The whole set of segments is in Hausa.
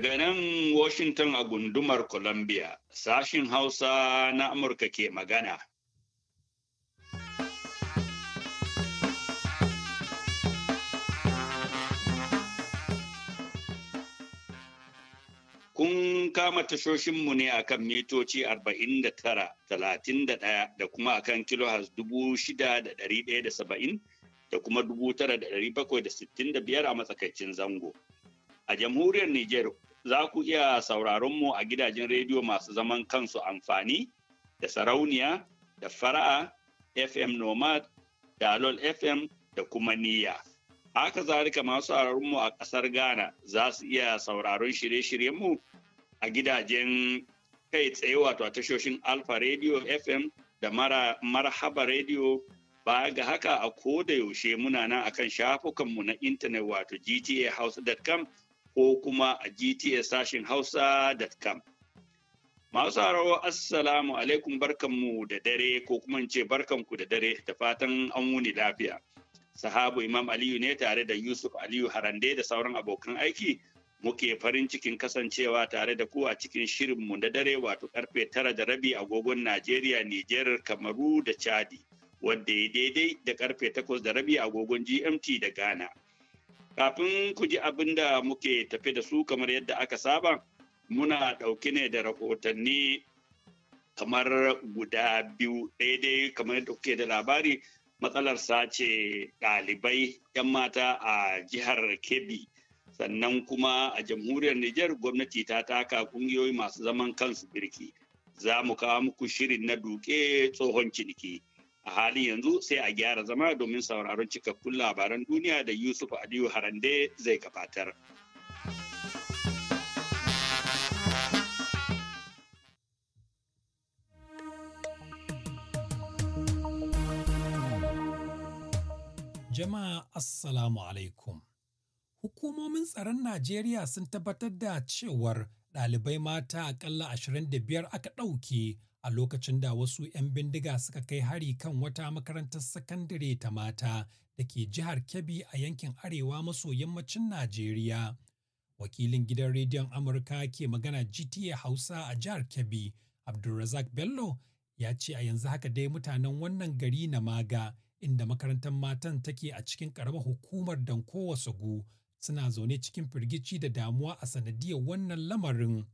Daga nan Washington a gundumar Columbia, sashin Hausa na Amurka ke magana. Kun kama tashoshinmu ne a kan mitoci 49, 31 da kuma a akan kilohas 6,170 da kuma 9,765 a matsakaicin zango. a jamhuriyar Nijar za ku iya sauraron mu a gidajen rediyo masu zaman kansu amfani da sarauniya da fara'a fm nomad da alol fm da kuma niyya haka zalika masu sauraron mu a ƙasar ghana za su iya sauraron shirye-shiryen mu a gidajen kai tsaye wato a tashoshin alfa radio fm da mara, marhaba radio baya ga haka a koda yaushe muna nan akan shafukanmu na intanet wato gtahouse.com ko kuma a gts sashin hausa.com. Masu harawa assalamu alaikum barkanmu da dare ko kuma in ce barkanku da dare da fatan an wuni lafiya. Sahabu Imam Aliyu ne tare da Yusuf Aliyu Harande da sauran abokan aiki muke farin cikin kasancewa tare da ku a cikin shirinmu na dare wato karfe tara da rabi agogon Najeriya, Nijar, Kamaru da Chadi, wadda ya daidai da karfe takwas da rabi agogon GMT da Ghana. Kafin ku ji abin da muke tafi da su kamar yadda aka saba, muna ɗauki ne da rahotanni kamar guda biyu daidai kamar yadda kuke da labari matsalar sace ɗalibai 'yan mata a jihar Kebbi. Sannan kuma a jamhuriyar Niger, gwamnati ta taka ƙungiyoyi masu zaman kansu birki. Za mu kawo muku shirin na duke tsohon ciniki. a halin yanzu sai a gyara zama domin sauraron cikakkun labaran duniya da yusuf aliyu harande zai gabatar jama'a assalamu alaikum hukumomin tsaron najeriya sun tabbatar da cewar ɗalibai mata akalla 25 aka ɗauke a lokacin da wasu 'yan bindiga suka kai hari kan wata makarantar sakandare ta mata da ke jihar Kebbi a yankin arewa maso yammacin Najeriya. Wakilin gidan rediyon Amurka ke magana GTA Hausa a jihar Kebbi, Abdulrazak Bello, ya ce a yanzu haka dai mutanen wannan gari na maga inda makarantar matan take a cikin ƙaramar hukumar Dankowa Sagu suna zaune cikin firgici da damuwa a sanadiyar wannan lamarin.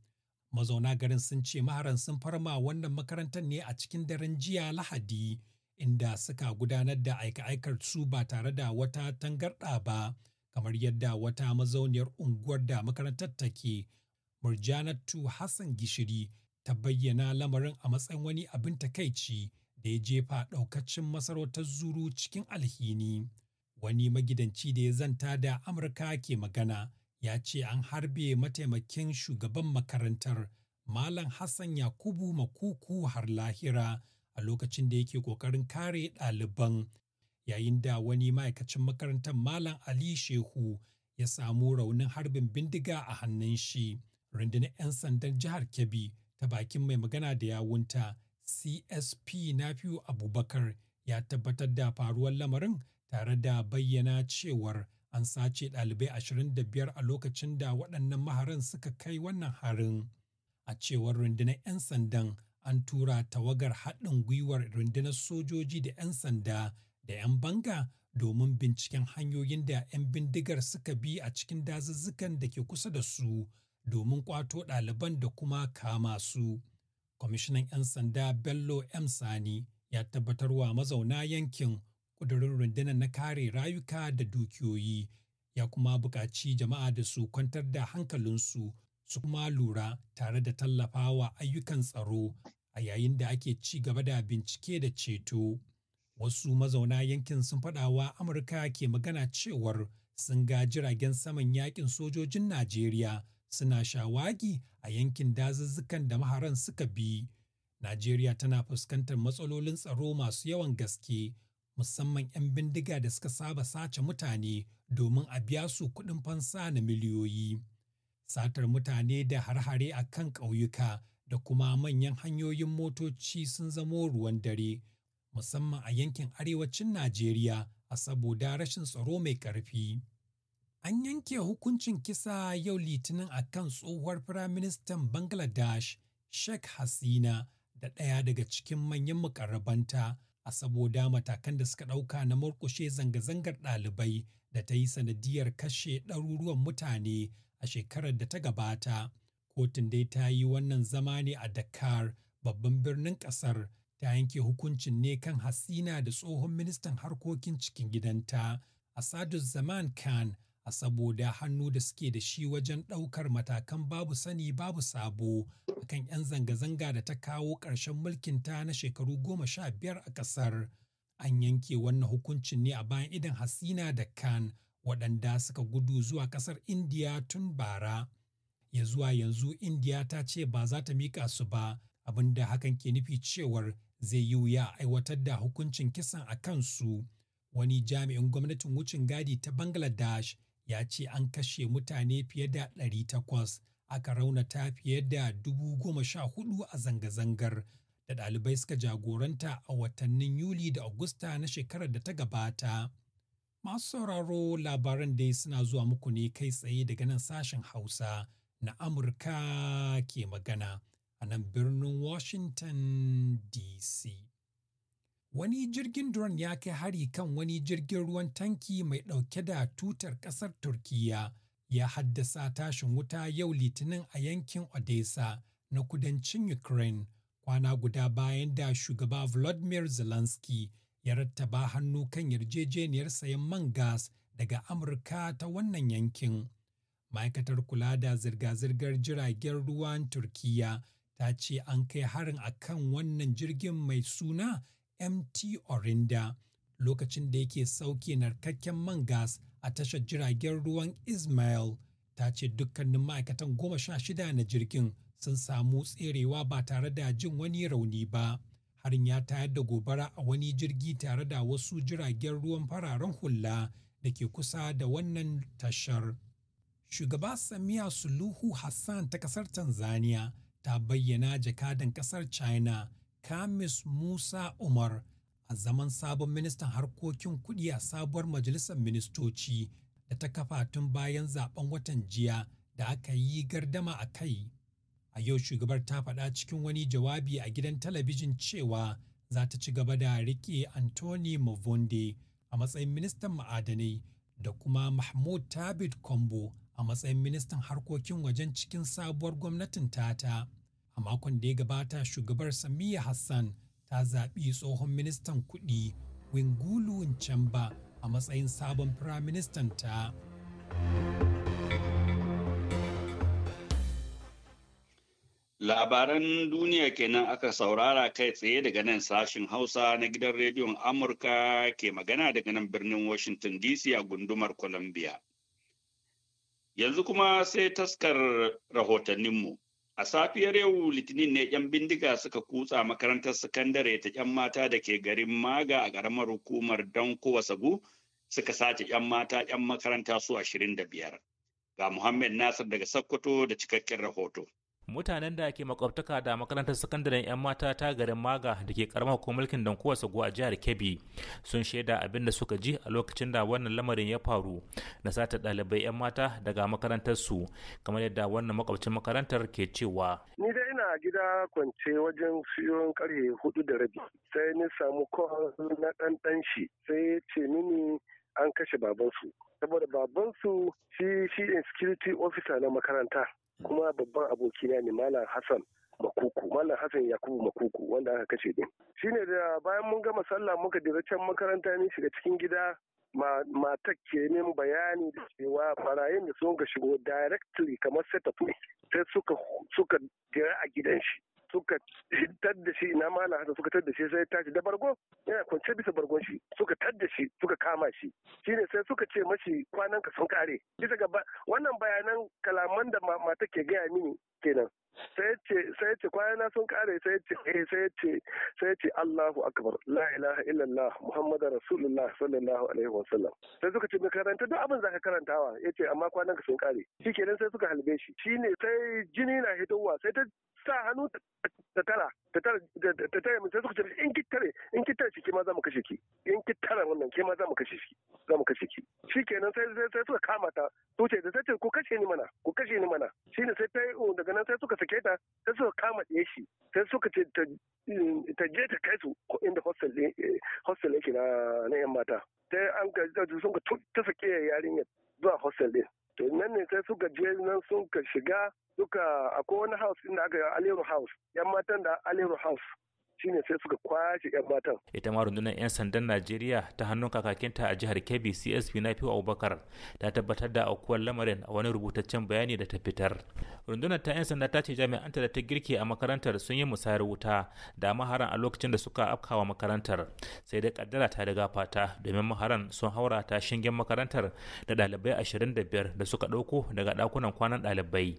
Mazauna garin sun ce maharan sun farma wannan makarantar ne a cikin daren jiya Lahadi, inda suka gudanar da aika-aikar su ba tare da wata tangarɗa ba, kamar yadda wata mazauniyar unguwar da makarantar take, Murjanatu Hassan Gishiri ta bayyana lamarin a matsayin wani abin takaici da ya jefa ɗaukacin masarautar zuru cikin alhini. wani magidanci da ya zanta da amurka ke magana ya ce an harbe mataimakin shugaban makarantar malam hassan yakubu makuku har lahira a lokacin da yake ƙoƙarin kare ɗaliban yayin da wani ma'aikacin makarantar malam ali shehu ya samu raunin harbin bindiga a hannun shi rundunar 'yan sandan jihar kebbi ta bakin mai magana da yawunta csp nafiu abubakar ya tabbatar da faruwar lamarin tare da bayyana cewar an sace ɗalibai biyar a lokacin da waɗannan maharin suka kai wannan harin. A cewar rundunar 'yan sandan an tura tawagar haɗin gwiwar rundunar sojoji da 'yan sanda da 'yan banga domin binciken hanyoyin da 'yan bindigar suka bi a cikin dazuzzukan da ke kusa da su domin kwato ɗaliban da kuma kama su. Kwamishinan 'yan sanda Bello M. Sani ya tabbatarwa mazauna yankin ƙudurin rundunar na kare rayuka da dukiyoyi ya kuma buƙaci jama'a da su kwantar da hankalinsu su kuma lura tare da tallafawa ayyukan tsaro a yayin da ake ci gaba da bincike da ceto. Wasu mazauna yankin sun faɗawa Amurka ke magana cewar sun ga jiragen saman yakin sojojin Najeriya suna shawagi a yankin dazuzzukan da maharan suka bi Najeriya tana fuskantar matsalolin tsaro masu yawan gaske, musamman 'yan bindiga da suka saba sace mutane domin a biya su kuɗin fansa na miliyoyi. Satar mutane da harhare a kan ƙauyuka da kuma manyan hanyoyin motoci sun zamo ruwan dare, musamman a yankin arewacin Najeriya a saboda rashin tsaro mai ƙarfi. An yanke hukuncin kisa yau Litinin a kan tsohuwar Firaministan Bangladesh, Sheikh Hasina. da ɗaya daga cikin manyan mukarrabanta a saboda matakan da suka ɗauka na murƙushe zanga-zangar ɗalibai da ta yi sanadiyar kashe ɗaruruwan mutane a shekarar da ta gabata. Kotun dai ta yi wannan zama ne a Dakar, babban birnin ƙasar, ta yanke hukuncin ne kan hasina da tsohon ministan harkokin cikin gidanta, Asadu Zaman Khan a saboda hannu da suke da shi wajen ɗaukar matakan babu sani babu sabo akan 'yan zanga-zanga da ta kawo ƙarshen mulkinta na shekaru goma sha biyar a ƙasar. An yanke wannan hukuncin ne a bayan idan Hasina da kan waɗanda suka gudu zuwa ƙasar Indiya tun bara. Ya zuwa yanzu Indiya ta ce ba za ta miƙa su ba, abinda hakan ke nufi cewar zai yi wuya aiwatar da hukuncin kisan a kansu. Wani jami'in gwamnatin wucin gadi ta Bangladesh ya ce an kashe mutane fiye da 800 aka raunata fiye da 14,000 a zanga-zangar da ɗalibai suka jagoranta a watannin Yuli da Agusta na shekarar da ta gabata. Masu sauraro labaran dai suna zuwa muku ne kai tsaye daga nan sashen Hausa na Amurka ke magana a nan birnin Washington DC. Wani jirgin drone ya kai hari kan wani jirgin ruwan tanki mai ɗauke da tutar ƙasar Turkiyya ya haddasa tashin wuta yau litinin a yankin Odessa na kudancin Ukraine kwana guda bayan da shugaba Volodymyr Zelensky ya rattaba hannu kan yarjejeniyar sayan man gas daga Amurka ta wannan yankin. Ma'aikatar kula da zirga-zirgar jiragen ruwan Turkiyya ta ce an kai harin a kan wannan jirgin mai suna MT Orinda lokacin da yake sauke narkakken man gas a tashar jiragen ruwan Ismail ta ce dukkanin ma'aikatan goma sha shida na jirgin sun samu tserewa ba tare da jin wani rauni ba. Harin ya tayar da gobara a wani jirgi tare da wasu jiragen ruwan fararen hula da ke kusa da wannan tashar. Shugaba Samiya Suluhu Hassan ta kasar Tanzania ta bayyana jakadan kasar China Kamis Musa Umar a zaman sabon ministan harkokin kuɗi a sabuwar majalisar ministoci da ta kafa tun bayan zaben watan jiya da aka yi gardama a kai. A yau shugabar ta faɗa cikin wani jawabi a gidan talabijin cewa za ta ci gaba da riƙe Anthony Mavonde a matsayin ministan ma'adanai da kuma Mahmud Tabit Kombo a matsayin ministan harkokin wajen cikin sabuwar gwamnatin tata. a makon da ya gabata shugabar samiya hassan ta zaɓi tsohon ministan kuɗi wingulu chamba a matsayin sabon firaministan ta labaran duniya kenan aka saurara kai tsaye daga nan sashin hausa na gidan rediyon amurka ke magana daga nan birnin washington dc a gundumar columbia yanzu kuma sai taskar rahotanninmu A safiyar yau Litinin ne 'yan bindiga suka kutsa makarantar sakandare ta 'yan mata da ke garin Maga a ƙaramar hukumar Danko Sagu suka sace 'yan mata 'yan makaranta su 25. Ga Muhammad Nasir daga Sokoto da cikakken rahoto. mutanen da ke makwabtaka da makarantar sakandaren 'yan mata ta garin maga da ke karamar hukumar mulkin kowa sago a jihar kebbi sun shaida abin da suka ji a lokacin da wannan lamarin ya faru na sata ɗalibai 'yan mata daga makarantar su kamar yadda wannan makwabcin makarantar ke cewa ni dai ina gida kwance wajen siyon karfe hudu da rabi sai ni samu kowa na ɗanɗan shi sai ya ce mini an kashe babansu saboda babansu shi shi security officer na makaranta kuma babban abokina ne malam hassan makuku malam hassan yakubu makuku wanda aka kashe din shine da bayan mun gama sallah muka dira can makaranta ne shiga cikin gida matar ke min bayani da cewa farayin da sun ga shigo directly kamar set up sai suka suka dira a gidan shi suka da shi na mala hasan suka da shi sai ta tashi da bargo yana kwance bisa bargon shi suka da shi suka kama shi shine sai suka ce mashi kwanan ka sun kare bisa ga wannan bayanan kalaman da mata ke gaya mini kenan sai ce sai ce kwana sun kare sai ce eh sai ce sai ce Allahu akbar la ilaha illallah muhammadar rasulullah sallallahu alaihi wa sallam sai suka ce karanta duk abin zaka karantawa yace amma kwanan ka sun kare shikenan sai suka halbe shi shine sai jini na hitowa sai ta sa hannu ta tara ta tara ta mun sai suka ce in kittare in ki tare ke ma za mu kashe ki in ki tara wannan ke ma za mu kashe shi za mu kashe ki shikenan sai sai suka kama ta to ce da tace ku kashe ni mana ku kashe ni mana shi ne sai ta oh, daga nan sai suka sake ta sai suka kama ɗaya shi sai suka ce ta je ta kai su inda hostel eh, hostel yake na na yan mata ta an ka sun ka ta sake yarinya zuwa hostel din to nan ne sai suka je nan sun ka shiga suka akwai wani house inda aka yi aliyu house yan matan da aliyu house shine sai suka kwashe 'yan matan. Ita ma rundunar 'yan sandan Najeriya ta hannun kakakinta a jihar Kebbi CSP na fiwa Abubakar ta tabbatar da aukuwar lamarin a wani rubutaccen bayani da ta fitar. Rundunar ta 'yan sanda ta ce jami'an da ta girki a makarantar sun yi musayar wuta da maharan a lokacin da suka afkawa makarantar sai dai kaddara ta daga fata domin maharan sun haura ta shingen makarantar da ɗalibai 25 da suka ɗauko daga ɗakunan kwanan ɗalibai.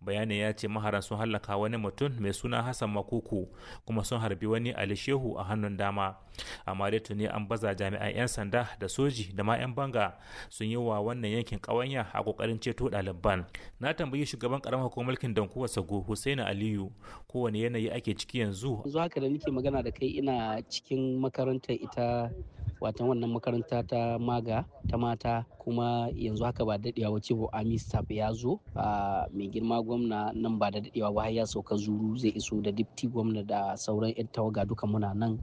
bayanin ya ce maharan sun hallaka wani mutum mai suna hassan makuku kuma sun harbi wani alishehu a hannun dama amma dai tuni an baza jami'an 'yan sanda da soji da ma 'yan banga sun yi wa wannan yankin ƙawanya a kokarin ceto ɗaliban na tambayi shugaban karamar hukumar mulkin dankuwa sago husaini aliyu kowane yanayi ake ciki yanzu yanzu haka da nake magana da kai ina cikin makarantar ita watan wannan makaranta ta maga ta mata kuma yanzu haka ba daɗewa wace ba amis ya zo ah, mai girma gwamna nan ba da daɗewa ba ya sauka zuru zai iso da dipti gwamna da sauran 'yan tawaga duka muna nan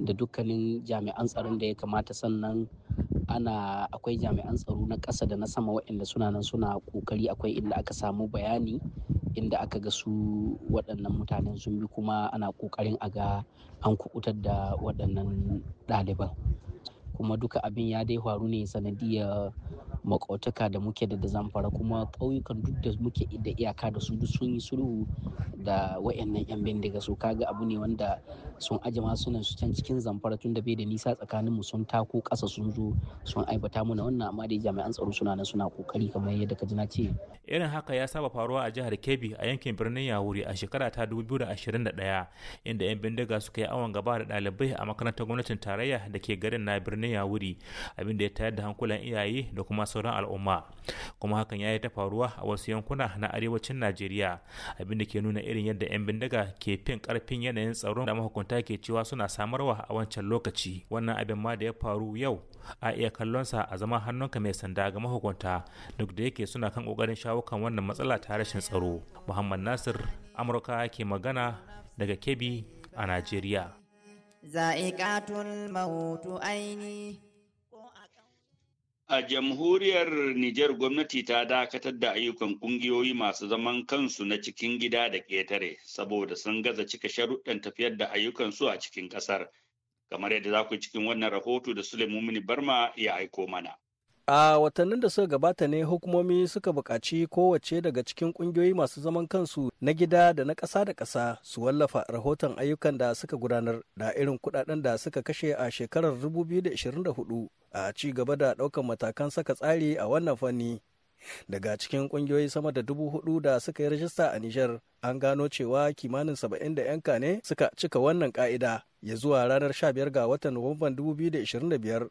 da dukkanin jami'an tsaron da ya kamata sannan ana akwai jami'an tsaro na ƙasa da na sama waɗanda suna nan suna ƙoƙari akwai inda aka samu bayani inda aka ga su waɗannan mutanen sun bi kuma ana ƙoƙarin a ga an kuɓutar da waɗannan ɗaliban kuma duka abin ya dai faru ne sanadiyar makautaka da muke da zamfara kuma ƙauyukan duk da muke da iyaka da su duk sun yi sulhu da wayannan yan bindiga su kaga abu ne wanda sun aje nan su can cikin zamfara tun da bai da nisa tsakanin mu sun tako ƙasa sun zo sun aibata muna wannan amma dai jami'an tsaro suna nan suna kokari kamar yadda ka ji na ce irin haka ya saba faruwa a jihar Kebbi a yankin birnin Yawuri a shekara ta 2021 inda yan bindiga suka yi awon gaba da ɗalibai a makarantar gwamnatin tarayya da ke garin na birnin ya wuri abin da ya tayar da hankulan iyaye da kuma sauran al'umma kuma hakan ya yi ta faruwa a wasu yankuna na arewacin najeriya abin da ke nuna irin yadda 'yan bindiga ke fin karfin yanayin tsaron da mahukunta ke cewa suna samarwa a wancan lokaci wannan abin ma da ya faru yau a iya kallonsa a zama hannunka mai sanda ga mahukunta duk da yake suna kan kokarin shawo kan wannan matsala ta rashin tsaro muhammad nasir amurka ke magana daga kebbi a najeriya za'iqatul mautu aini A jamhuriyar Nijar gwamnati ta dakatar da ayyukan kungiyoyi masu zaman kansu na cikin gida da ƙetare saboda sun gaza cika sharuɗan tafiyar da ayyukan su a cikin ƙasar. Kamar yadda za ku cikin wannan rahoto da Suleimani Barma ya aiko mana. A watannin da suka gabata ne hukumomi suka buƙaci kowace daga cikin ƙungiyoyi masu zaman kansu na gida da na ƙasa da ƙasa su wallafa rahoton ayyukan da suka gudanar da irin kuɗaɗen da suka kashe a shekarar 2024 a ci gaba da ɗaukar matakan saka tsari a wannan fanni. Daga cikin ƙungiyoyi sama da dubu hudu da suka yi rajista a Nijar an gano cewa kimanin saba'in da 'yanka ne suka cika wannan ƙa'ida ya zuwa ranar 15 ga watan Nuwamban 2025.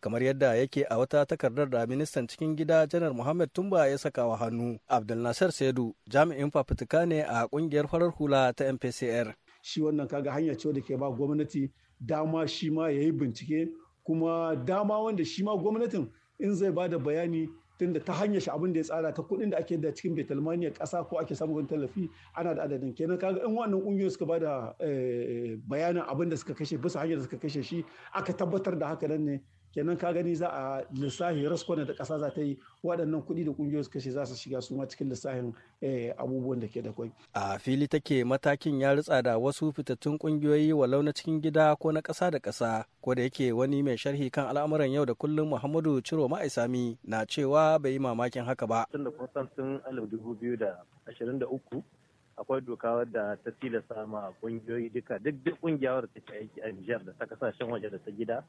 kamar yadda yake a wata takardar da ministan cikin gida janar muhammad tumba ya saka wa hannu abdulnasar saidu jami'in fafutuka ne a kungiyar farar hula ta mpcr shi wannan kaga hanya ce da ke ba gwamnati dama shi ma ya yi bincike kuma dama wanda shi ma gwamnatin in zai ba da bayani tunda ta hanya shi abin da ya tsara ta kuɗin da ake da cikin betalmaniya ƙasa ko ake samun wani tallafi ana da adadin kenan kaga in wannan ƙungiyoyi suka ba da eh, bayanin abin da suka kashe bisa hanyar da suka kashe shi aka tabbatar da haka nan ne kenan ka gani za a lissafi raskwana da kasa za ta yi waɗannan kuɗi da ƙungiyoyi kashe za su shiga su ma cikin lissafin eh, abubuwan da ke da kwai. a fili take matakin ya ritsa da wasu fitattun ƙungiyoyi walau na cikin gida ko na ƙasa da ƙasa ko da yake wani mai sharhi kan al'amuran yau da kullum muhammadu ciro ma'aisami na cewa bai yi mamakin haka ba. tun da san tun alif dubu biyu da ashirin da uku akwai doka wadda ta tilasta ma ƙungiyoyi duka duk duk ƙungiyar da take aiki a nijar da ta kasashen waje da ta gida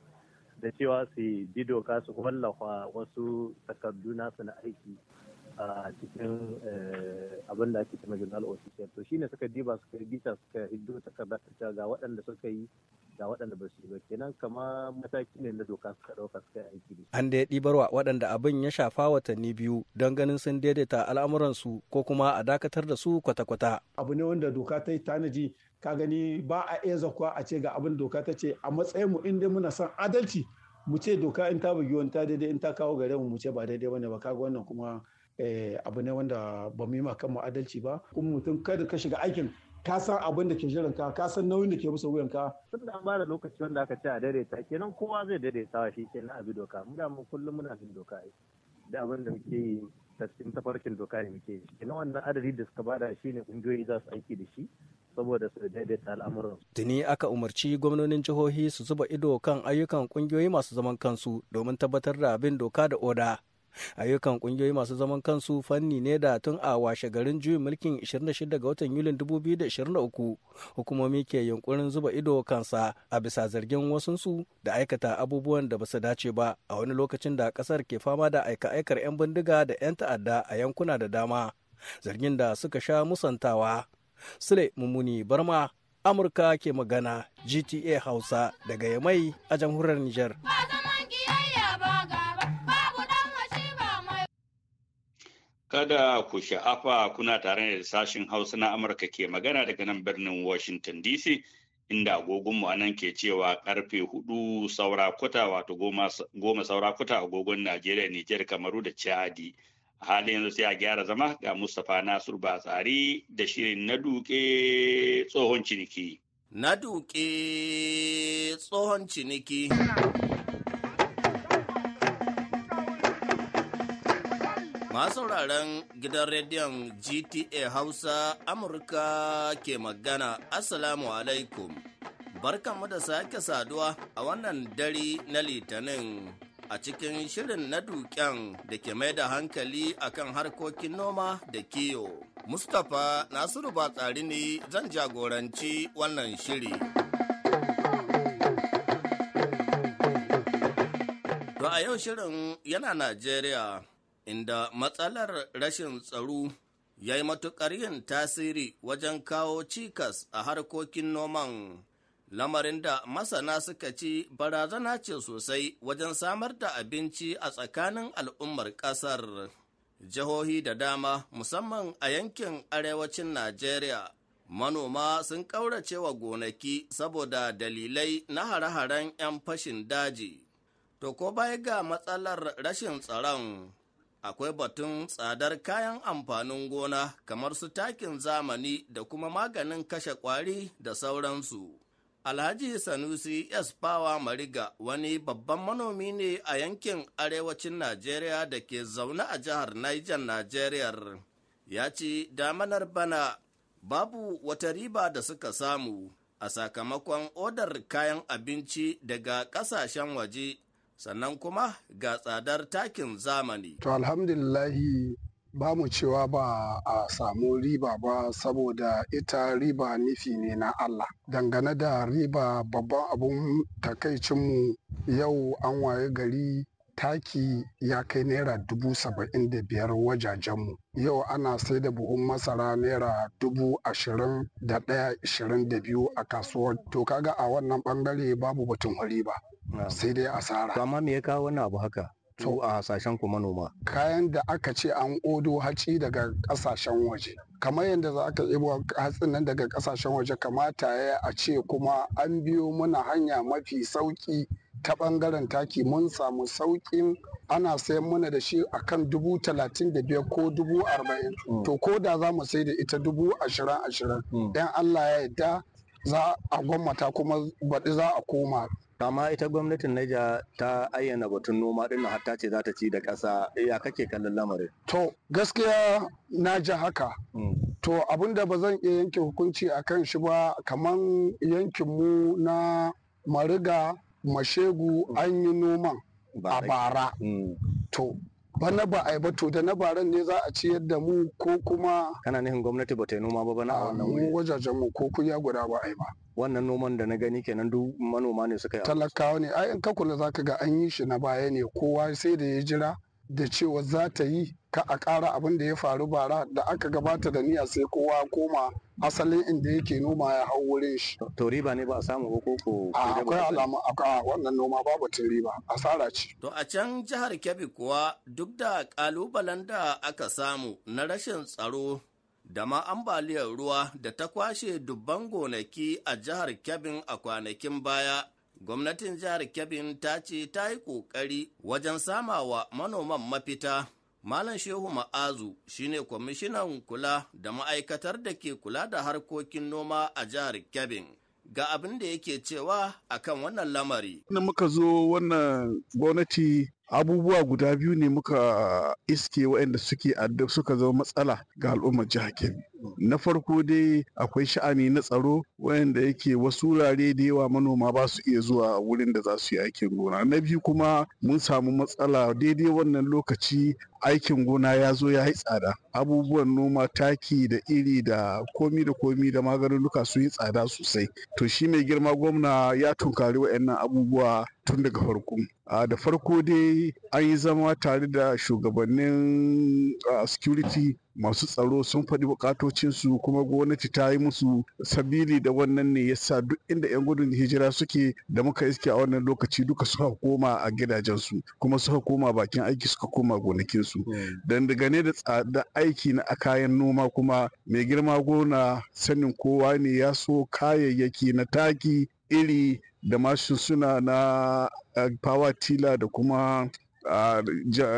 da cewa su bi doka su wallafa wasu takardu nasu na aiki a cikin eh, abin da ake cewa journal official to shine suka diba suka bita suka hiddo takardar ta ga waɗanda suka yi ga waɗanda ba su yi ba kenan kama mataki ne na doka suka ɗauka suka yi aiki da an da ya ɗibarwa waɗanda abin ya shafa watanni biyu don ganin sun daidaita al'amuransu ko kuma a dakatar da su kwata-kwata abu ne wanda doka ta yi tanaji ka gani ba a iya zakuwa a ce ga abin doka ta ce a matsayin mu inda muna son adalci mu ce doka in ta bugi wani ta daidai in ta kawo gare mu mu ce ba daidai bane ba kaga wannan kuma eh, abu ne wanda ba mu yi ma kanmu adalci ba kuma mutum kada ka shiga aikin ka san abin da ke jiran ka ka san nauyin da ke musu wuyan ka tun da an bada lokaci wanda aka ce a daidaita kenan kowa zai daidaita shi kenan a bi doka mu da mu kullum muna bin doka da abin da muke yi ta tafarkin doka ne muke yi kenan wannan adadi da suka bada shi ne kungiyoyi za su aiki da shi saboda su daidaita al'amuran. Tuni aka umarci gwamnonin jihohi su zuba ido kan ayyukan kungiyoyi masu zaman kansu domin tabbatar da abin doka da oda. Ayyukan kungiyoyi masu zaman kansu fanni ne da tun a washe garin juyin mulkin 26 ga watan Yulin 2023 hukumomi ke yunkurin zuba ido kansa a bisa zargin wasunsu da aikata abubuwan da basu dace ba a wani lokacin da kasar ke fama da aika-aikar 'yan bindiga da 'yan ta'adda a yankuna da dama zargin da suka sha musantawa. Sule Mummuni Barma, Amurka ke magana GTA Hausa daga Yamai a jamhuriyar Nijar. Kada ku sha'afa kuna tare da sashen Hausa na Amurka ke magana daga nan birnin Washington DC inda agogonmu a nan ke cewa karfe hudu saura kuta wato goma saura kuta agogon Najeriya, Nijar, Kamaru da Chadi. a halin yanzu sai a gyara zama ga mustapha nasiru batsari da shirin na duke tsohon ciniki na duke tsohon ciniki Masu sauraron gidan rediyon GTA Hausa Amurka ke magana Assalamu alaikum. Barkanmu da sake saduwa a wannan dare na Litinin a cikin shirin na duken da ke mai da hankali akan harkokin noma da kiyo. Mustapha Nasiru Batsari ne zan jagoranci wannan shiri. To a yau shirin yana Najeriya inda matsalar rashin tsaro ya yi matuƙar yin tasiri wajen kawo cikas a harkokin noman lamarin da masana suka ci barazana ce sosai wajen samar da abinci a tsakanin al'ummar ƙasar. Jihohi da dama, musamman a yankin arewacin Najeriya, manoma sun ƙauracewa gonaki saboda dalilai na hare-haren 'yan fashin daji. To ko baya ga matsalar rashin tsaron, akwai batun tsadar kayan amfanin gona kamar su takin zamani da kuma maganin kashe ƙwari da sauransu. Alhaji Sanusi S. Bawa Mariga wani babban manomi ne a yankin arewacin Najeriya da ke zaune a jihar Niger Najeriya. Ya ce damanar bana babu wata riba da suka samu a sakamakon odar kayan abinci daga ƙasashen waje sannan kuma ga tsadar takin zamani. To alhamdulillahi ba mu cewa ba a samu riba ba saboda ita riba nufi ne na Allah. Dangane da riba babban abun takaicinmu yau an waye gari taki ya kai naira dubu saba'in da biyar wajajenmu yau ana sai da buhun masara naira dubu ashirin da ɗaya ashirin da biyu a kasuwar to kaga a wannan bangare babu batun riba sai dai asara. amma me ya kawo wannan abu haka? a hasashen ku manoma kayan da aka ce an odo haci daga kasashen waje kamar yadda za ka ibo hatsin nan daga kasashen waje kamata ya a ce kuma an biyo mana hanya mafi sauki ta bangaren taki mun samu sauƙin ana sayan mana da shi a kan dubu talatin da biyar ko dubu arba'in mm. to ko da za mu sai da ita dubu ashirin ashirin dan mm. allah ya yarda za a gwammata kuma baɗi za a koma amma ita gwamnatin Naija ta ayyana batun noma din har ta ce za ta ci da ƙasa eh, ya kake kallon lamarin to gaskiya na ji haka hmm. to abinda ba zan iya yanke hukunci a kan shi ba kaman yankin mu na mariga mashegu hmm. an yi noman a bara hmm. to bana ba ai ba to da na baran ne za a ci da mu ko kuma kana nihin gwamnati ba ta yi noma ba bana a wannan wuri wajajen mu ko ya guda ba ai ba wannan noman da na gani kenan duk manoma ne suka yi talakawa ne ai in ka kula zaka ga an yi shi na baya ne kowa sai da ya jira da cewa za ta yi ka a ƙara abin da ya faru bara da aka gabata da niyya sai kowa koma asalin inda yake noma ya hau wurin shi. To riba ne ba a samu ko ko akwai alama a wannan noma babu tun riba asara ce. To a can jihar Kebbi kuwa duk da kalubalen da aka samu na rashin tsaro da ma ambaliyar ruwa da ta kwashe dubban gonaki a jihar Kebbi a kwanakin baya gwamnatin jihar kebin ta ce ta yi ƙoƙari wajen sama wa manoman mafita. Malam Shehu Ma'azu shine kwamishinan kula da ma'aikatar da ke kula da harkokin noma a jihar kebin ga abin da yake cewa akan wannan lamari. Inda muka zo wannan gwamnati abubuwa guda biyu ne muka iske waɗanda suke suka zama matsala ga al'ummar jihar kebbi na farko dai akwai sha'ani na tsaro wayanda yake wasu wurare da yawa manoma ba su iya zuwa wurin da za su yi aikin gona na biyu kuma mun samu matsala daidai wannan lokaci aikin gona ya zo ya yi tsada abubuwan noma taki da iri da komi da komi da maganin luka sun yi tsada sosai to shi mai girma gwamna ya tunkari waɗannan abubuwa tun daga farko da farko dai an yi zama tare da shugabannin security masu tsaro sun faɗi bukatocinsu kuma gwamnati ta yi musu sabili da wannan ne yasa duk inda 'yan gudun hijira suke da muka iske a wannan lokaci duka suka koma a gidajensu kuma suka koma bakin aiki suka koma gonakinsu hmm. don dangane da tsada aiki na a kayan noma kuma mai girma gona sanin kowa ne ya so kayayyaki na taki iri da mashin suna na eh, power tiller da kuma ah,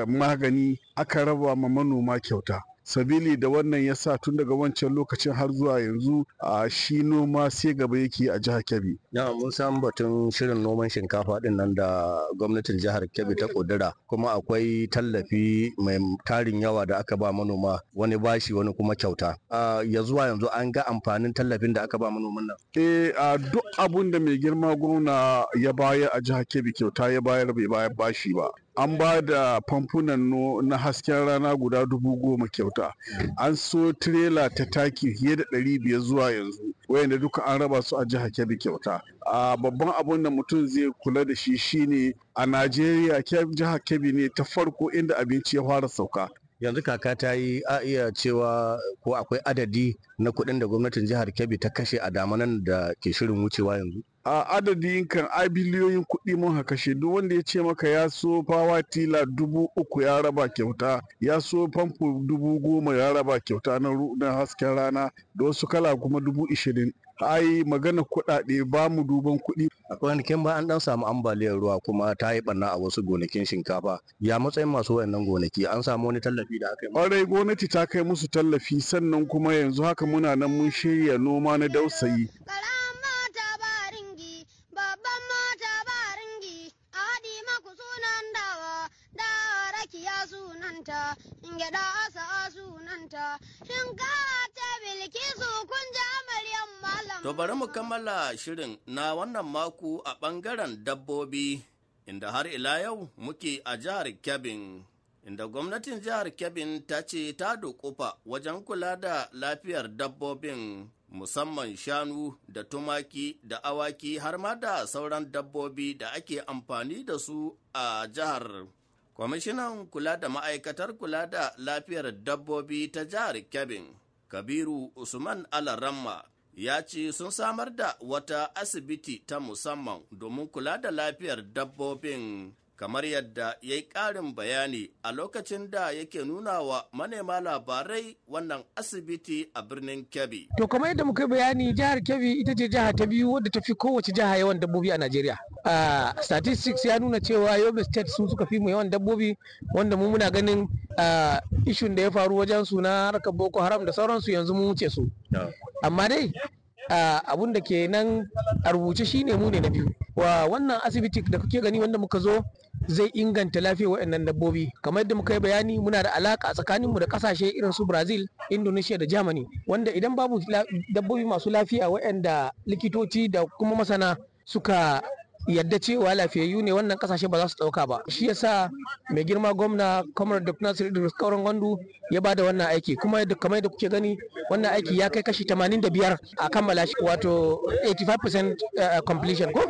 magani aka raba ma manoma kyauta sabili da wannan ya sa tun daga wancan lokacin har zuwa yanzu a shi noma sai gaba yake a jihar kebbi na mun samu batun shirin noman shinkafa din nan da gwamnatin jihar kebbi ta kudura kuma akwai tallafi mai tarin yawa da aka ba manoma wani bashi wani kuma kyauta ya zuwa yanzu an ga amfanin tallafin da aka ba manoman nan eh duk abun da mai girma gwamna ya bayar a jihar kebbi kyauta ya bayar bai bayar bashi ba an ba da famfunan na hasken rana guda dubu goma kyauta an so tirela ta taki fiye da ɗari biyar zuwa yanzu wayanda duka an raba su a jiha kebbi kyauta a babban abun da mutum zai kula da shi shine a najeriya jihar kebbi ne ta farko inda abinci ya fara sauka yanzu kaka ta yi a iya cewa ko akwai adadi na kuɗin da gwamnatin jihar kebbi ta kashe a damanan da ke shirin wucewa yanzu a adadin kan a biliyoyin kuɗi mun hakashe duk wanda ya ce maka ya so fawa tila dubu uku ya raba kyauta ya so famfo dubu goma ya raba kyauta na hasken rana da wasu kala kuma dubu ishirin ai magana kuɗaɗe ba mu duban kuɗi. kwanakin, ba an dan samu ambaliyar ruwa kuma ta yi ɓanna a wasu gonakin shinkafa ya matsayin masu wayannan gonaki an samu wani tallafi da aka yi ƙwarai gwamnati ta kai musu tallafi sannan kuma yanzu haka muna nan mun shirya noma na dausayi Rakiya sunanta, gyaɗa Asa'a sunanta, ta su kun ji amaryan malam. To bari mu kammala shirin na wannan mako a ɓangaren dabbobi, inda har ila yau muke a jihar Kebbin. Inda gwamnatin jihar Kebbin ta ce ta dukufa wajen kula da lafiyar dabbobin musamman shanu da tumaki da awaki har ma da sauran dabbobi da ake amfani da su a jihar Kwamishinan kula da ma'aikatar kula da lafiyar dabbobi ta jihar kebin Kabiru Usman Alaramma, ya ce sun samar da wata asibiti ta musamman domin kula da lafiyar dabbobin kamar yadda ya yi ƙarin bayani a lokacin da yake nuna wa manema labarai wannan asibiti a birnin Kebbi. To kamar yadda muka bayani jihar Kebbi ita ce jiha ta biyu wadda ta fi kowace jiha yawan dabbobi a Najeriya. Uh, statistics ya nuna cewa Yobe State sun suka fi mu yawan dabbobi wanda mu muna ganin uh, ishun da ya faru wajen su na harkar Boko Haram da sauransu yanzu mu wuce su. Amma dai Uh, abun da ke nan a rubuce shine mu ne na biyu wa wannan asibiti da kuke gani wanda muka zo zai inganta lafiyar waɗannan dabbobi kamar yadda muka yi bayani muna da alaka tsakanin mu da kasashe irin su Brazil Indonesia da Germany wanda idan babu dabbobi masu lafiya waɗanda likitoci da kuma masana suka yadda cewa lafiyayyu ne wannan kasashe ba za su dauka ba shi yasa mai girma gwamna kamar da nasir idris kauran gwandu ya bada wannan aiki kuma kamar da kuke gani wannan aiki ya kai kashi 85 a kammala shi wato 85% eh, completion ko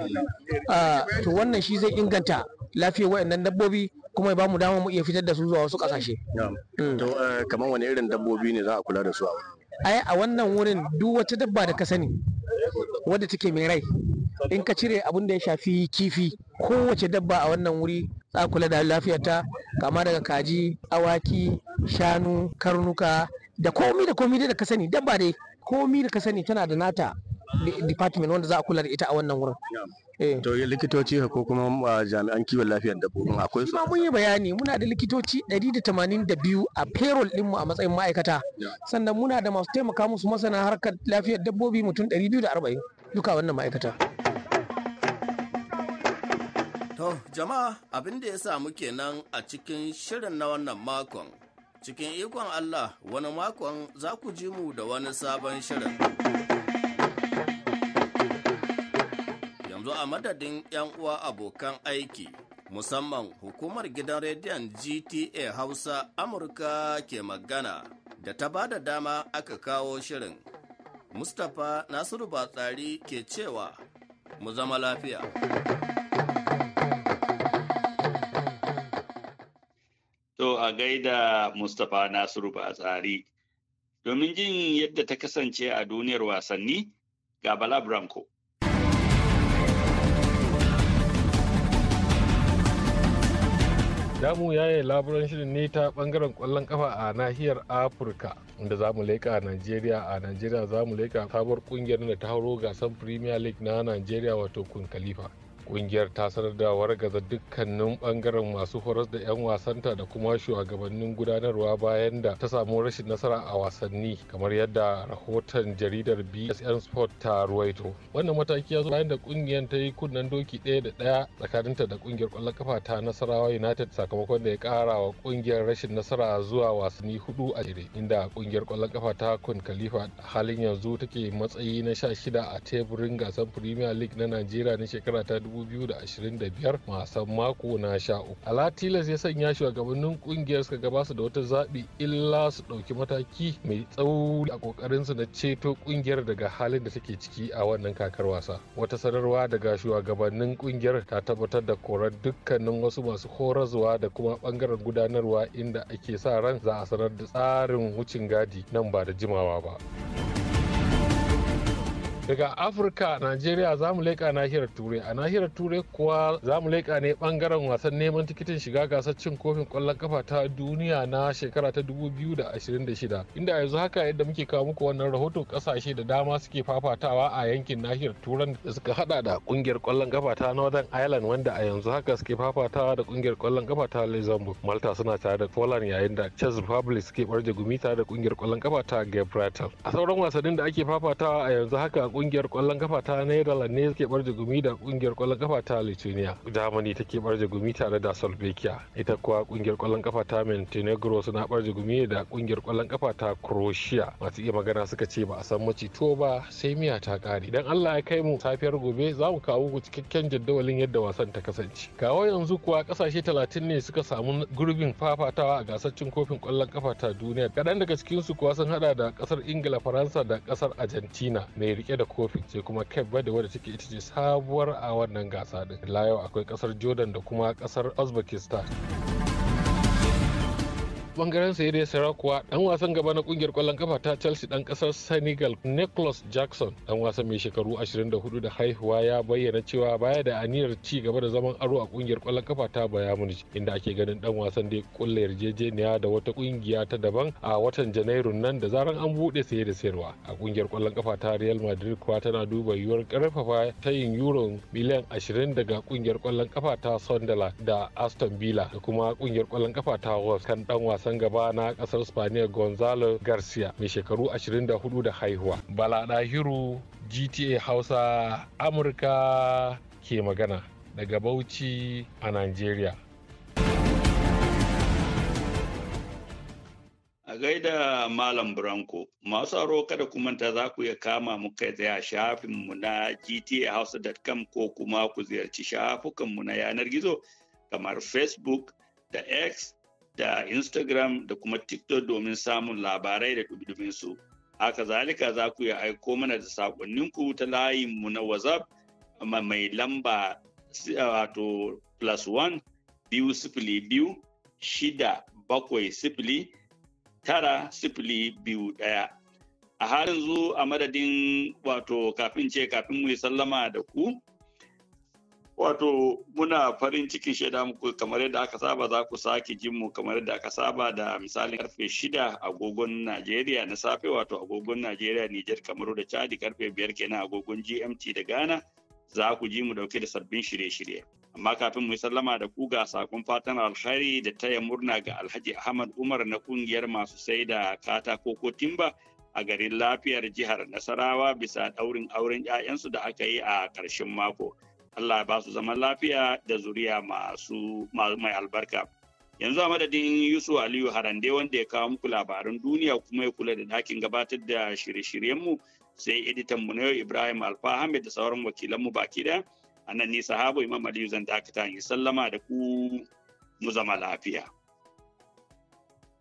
ah, to wannan shi zai inganta lafiyar waɗannan dabbobi kuma ya mu dama mu iya fitar da su zuwa wasu kasashe mm. to eh, kamar wani irin dabbobi ne za a kula da su a ai a wannan wurin duk wata dabba da ka sani wadda take mai rai in ka cire abin da ya shafi kifi kowace dabba a wannan wuri za kula da lafiyarta kama daga kaji awaki shanu karnuka da komi da komi da ka sani dabba dai komi da ka sani tana da nata department wanda za a kula da ita a wannan wurin Eh. to likitoci ko kuma jami'an kiwon lafiyar dabbobin akwai su mun yi bayani muna da likitoci 182 a payroll din mu a matsayin ma'aikata sannan muna da masu taimaka musu masana harkar lafiyar dabbobi mutum 240 duka wannan ma'aikata To jama'a abin da ya samu nan a cikin shirin na wannan makon cikin ikon Allah wani makon za ku ji mu da wani sabon shirin. yanzu a madadin 'yan uwa abokan aiki musamman hukumar gidan rediyon gta hausa amurka ke magana da ta ba da dama aka kawo shirin mustapha nasiru batsari ke cewa mu zama lafiya to a gaida mustapha nasiru batsari domin jin yadda ta kasance a duniyar wasanni ga bala branko ya yi labaran shirin ne ta bangaren kwallon kafa a nahiyar Afirka inda zamu leka a nigeria a Najeriya zamu leka sabuwar kungiyar da ta hauro gasar Premier League na nigeria wato Kun Khalifa. kungiyar ta sanar da wargaza dukkanin bangaren masu horas da 'yan wasanta da kuma shugabannin gudanarwa bayan da ta samu rashin nasara a wasanni kamar yadda rahoton jaridar BSN Sport ta ruwaito. Wannan mataki ya zo bayan da kungiyar ta yi kunnen doki daya da ɗaya tsakaninta da kungiyar kwallon kafa ta Nasarawa United sakamakon da ya kara wa kungiyar rashin nasara zuwa wasanni hudu a jere inda kungiyar kwallon kafa ta Kun Khalifa halin yanzu take matsayi na sha shida a teburin gasar Premier League na Najeriya na shekara ta 2025 wasan mako na sha uku. Alatilas ya sanya shugabannin kungiyar suka gaba su da wata zaɓi illa su ɗauki mataki mai tsauri a ƙoƙarinsu na ceto kungiyar daga halin da take ciki a wannan kakar wasa. Wata sanarwa daga shugabannin kungiyar ta tabbatar da korar dukkanin wasu masu horarwa da kuma ɓangaren gudanarwa inda ake sa ran za a sanar da tsarin wucin gadi nan ba da jimawa ba. daga afirka najeriya za mu leƙa nahiyar turai a nahiyar turai kuwa za mu leƙa ne bangaren wasan neman tikitin shiga gasar cin kofin kwallon kafa ta duniya na shekara ta 2026 inda yanzu haka yadda muke kawo muku wannan rahoto kasashe da dama suke fafatawa a yankin nahiyar turan da suka hada da kungiyar kwallon kafa ta northern ireland wanda a yanzu haka suke fafatawa da kungiyar kwallon kafa ta luxembourg malta suna tare da poland yayin da czech republic suke barje gumi tare da kungiyar kwallon kafa ta gabriel a sauran wasannin da ake fafatawa a yanzu haka kungiyar kwallon kafa ta Netherlands ne ke bar gumi da kungiyar kwallon kafa ta Lithuania. Germany take barje gumi tare da Slovakia. Ita kuwa kungiyar kwallon kafa ta Montenegro suna barje gumi da kungiyar kwallon kafa ta Croatia. Masu iya magana suka ce ba a san mace to ba sai miya ta kare. idan Allah ya kai mu safiyar gobe za mu kawo ku cikakken jadawalin yadda wasan ta kasance. Kawo yanzu kuwa kasashe 30 ne suka samu gurbin fafatawa a gasar cin kofin kwallon kafa ta duniya. Kaɗan daga cikinsu kuwa sun hada da kasar Ingila, Faransa da kasar Argentina mai rike da da kofi sai kuma cape verde wadda take ita ce sabuwar a wannan gasa din layo akwai kasar jordan da kuma kasar uzbekistan bangaren sayar sara kuwa dan wasan gaba na kungiyar kwallon kafa ta Chelsea dan kasar Senegal Nicholas Jackson dan wasan mai shekaru 24 da haihuwa ya bayyana cewa baya da aniyar ci gaba da zaman aro a kungiyar kwallon kafa ta Bayern Munich inda ake ganin dan wasan da kulla yarjejeniya da wata kungiya ta daban a watan janairu nan da zaran an bude saye da sayarwa a kungiyar kwallon kafa ta Real Madrid kuwa tana duba yiwuwar karfafa ta yin euro miliyan 20 daga kungiyar kwallon kafa ta da Aston Villa da kuma kungiyar kwallon kafa ta Wolves kan dan wasan wasan gaba na kasar Spaniya Gonzalo Garcia mai shekaru 24 da haihuwa. Bala Dahiru GTA Hausa Amurka ke magana daga Bauchi a Nigeria. A gaida Malam Branko, masu aro kada ku manta za ku iya kama mu kai tsaye shafin shafinmu na gtahausa.com ko kuma ku ziyarci shafukan mu na yanar gizo kamar Facebook da X da Instagram da kuma TikTok domin samun labarai da dubi su. Haka zalika za ku iya aiko mana da saƙonninku ta layin mu na WhatsApp mai lamba wato plus one biyu sifili biyu shida bakwai sifili tara sifili biyu ɗaya. A halin zu a madadin wato kafin ce kafin mu yi sallama da ku. Wato muna farin cikin shaida muku kamar yadda aka saba za ku sake jin mu kamar yadda aka saba da misalin karfe shida agogon Najeriya na safe wato agogon Najeriya Nijar Kamaru da Chadi karfe biyar kenan agogon GMT da Ghana za ku ji mu dauke da sabbin shirye-shirye. Amma kafin mu yi sallama da ku ga sakon fatan alkhairi da taya murna ga Alhaji Ahmad Umar na kungiyar masu sai da katako ko timba a garin lafiyar jihar Nasarawa bisa daurin auren 'ya'yansu da aka yi a ƙarshen mako. Allah ba su zaman lafiya da zuriya masu mai albarka. Yanzu a madadin Yusuf Aliyu Harande wanda ya kawo muku labarin duniya kuma ya kula da dakin gabatar da shirye-shiryenmu sai editan mu na yau Ibrahim Alfa Hamid da sauran wakilanmu baki da A nan ni sahabo Imam Aliyu zan dakata ya sallama da ku mu zama lafiya.